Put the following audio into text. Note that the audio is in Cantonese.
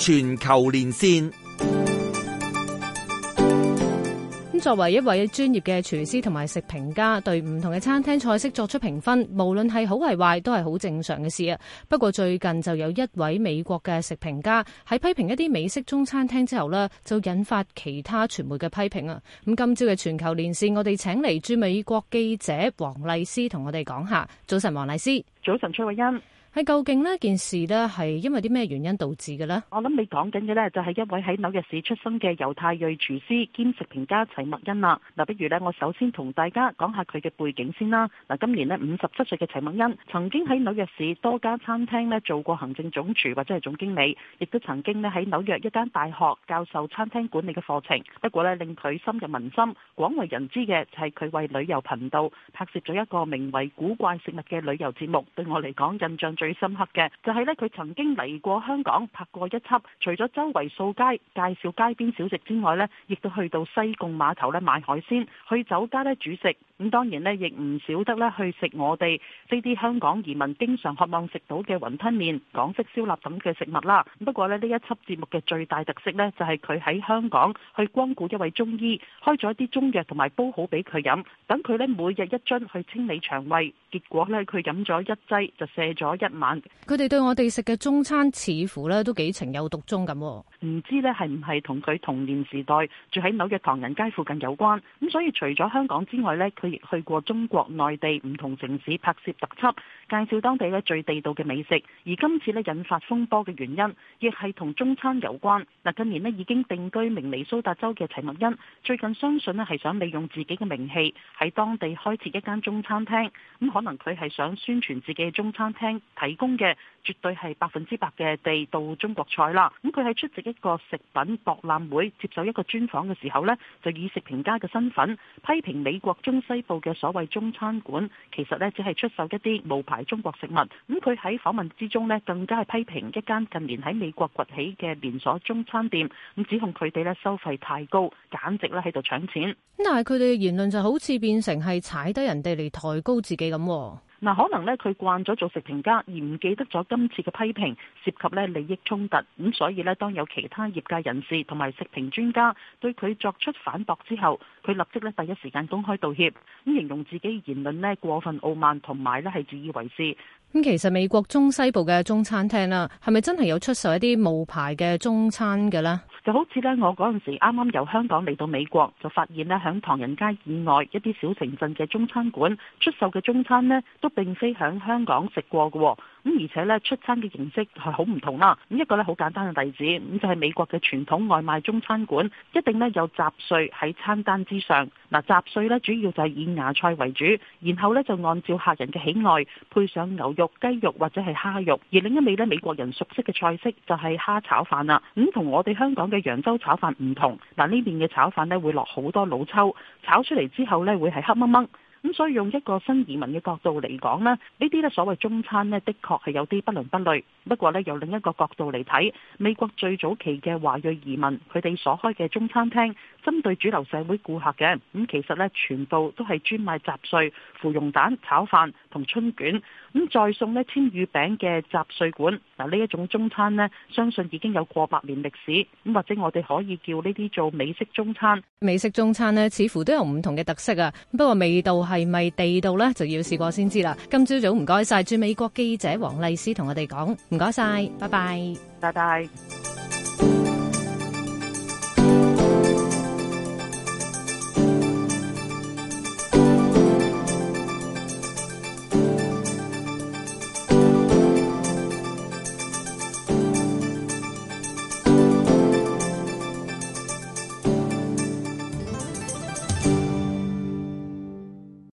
全球連線。咁作為一位專業嘅廚師同埋食評家，對唔同嘅餐廳菜式作出評分，無論係好係壞都係好正常嘅事啊。不過最近就有一位美國嘅食評家喺批評一啲美式中餐廳之後呢，就引發其他傳媒嘅批評啊。咁今朝嘅全球連線，我哋請嚟駐美國記者黃麗施同我哋講下。早晨麗施，黃麗施。早晨，崔蔚恩。係究竟呢件事呢，係因為啲咩原因導致嘅呢？我諗你講緊嘅呢，就係一位喺紐約市出生嘅猶太裔廚師兼食評家齊默恩啦。嗱，不如呢，我首先同大家講下佢嘅背景先啦。嗱，今年呢，五十七歲嘅齊默恩曾經喺紐約市多間餐廳呢做過行政總廚或者係總經理，亦都曾經呢，喺紐約一間大學教授餐廳管理嘅課程。不過呢，令佢深入民心、廣為人知嘅就係佢為旅遊頻道拍攝咗一個名為《古怪食物》嘅旅遊節目。對我嚟講，印象最深刻嘅就係呢，佢曾經嚟過香港拍過一輯，除咗周圍掃街介紹街邊小食之外呢，亦都去到西貢碼頭咧買海鮮，去酒家咧煮食。咁當然呢亦唔少得咧去食我哋呢啲香港移民經常渴望食到嘅雲吞麵、港式燒臘等嘅食物啦。不過呢呢一輯節目嘅最大特色呢，就係佢喺香港去光顧一位中醫，開咗一啲中藥同埋煲好俾佢飲，等佢呢每日一樽去清理腸胃。結果呢，佢飲咗一劑就瀉咗一。晚。佢哋對我哋食嘅中餐似乎呢都幾情有獨鍾咁，唔知呢係唔係同佢童年時代住喺紐約唐人街附近有關？咁所以除咗香港之外呢，佢亦去過中國內地唔同城市拍攝特輯，介紹當地呢最地道嘅美食。而今次呢引發風波嘅原因，亦係同中餐有關。嗱，近年呢已經定居明尼蘇達州嘅齊默恩，最近相信呢係想利用自己嘅名氣喺當地開設一間中餐廳。咁可能佢係想宣傳自己嘅中餐廳。提供嘅絕對係百分之百嘅地道中國菜啦。咁佢喺出席一個食品博覽會接受一個專訪嘅時候呢，就以食評家嘅身份批評美國中西部嘅所謂中餐館，其實呢，只係出售一啲冒牌中國食物。咁佢喺訪問之中呢，更加係批評一間近年喺美國崛起嘅連鎖中餐店，咁指控佢哋呢收費太高，簡直咧喺度搶錢。但係佢哋嘅言論就好似變成係踩低人哋嚟抬高自己咁。嗱，可能咧佢慣咗做食評家，而唔記得咗今次嘅批評涉，涉及咧利益衝突，咁所以咧當有其他業界人士同埋食評專家對佢作出反駁之後，佢立即咧第一時間公開道歉，咁形容自己言論咧過分傲慢同埋咧係自以為是。咁其實美國中西部嘅中餐廳啦，係咪真係有出售一啲冒牌嘅中餐嘅呢？就好似咧，我嗰陣時啱啱由香港嚟到美國，就發現咧喺唐人街以外一啲小城鎮嘅中餐館出售嘅中餐呢，都並非喺香港食過嘅。咁而且咧，出餐嘅形式係好唔同啦。咁一個咧，好簡單嘅例子，咁就係美國嘅傳統外賣中餐館，一定咧有雜碎喺餐單之上。嗱，雜碎咧主要就係以芽菜為主，然後咧就按照客人嘅喜愛配上牛肉、雞肉或者係蝦肉。而另一味咧，美國人熟悉嘅菜式就係蝦炒飯啦。咁同我哋香港嘅揚州炒飯唔同，嗱呢邊嘅炒飯咧會落好多老抽，炒出嚟之後咧會係黑掹掹。咁所以用一個新移民嘅角度嚟講咧，呢啲咧所謂中餐咧，的確係有啲不倫不類。不過咧，由另一個角度嚟睇，美國最早期嘅華裔移民佢哋所開嘅中餐廳，針對主流社會顧客嘅，咁其實咧全部都係專賣雜碎、芙蓉蛋、炒飯同春卷，咁再送咧簽語餅嘅雜碎館，嗱呢一種中餐咧，相信已經有過百年歷史。咁或者我哋可以叫呢啲做美式中餐。美式中餐咧，似乎都有唔同嘅特色啊，不過味道。係咪地道呢？就要試過先知啦。今朝早唔該晒，駐美國記者黃麗施同我哋講，唔該晒，拜拜，拜拜。拜拜。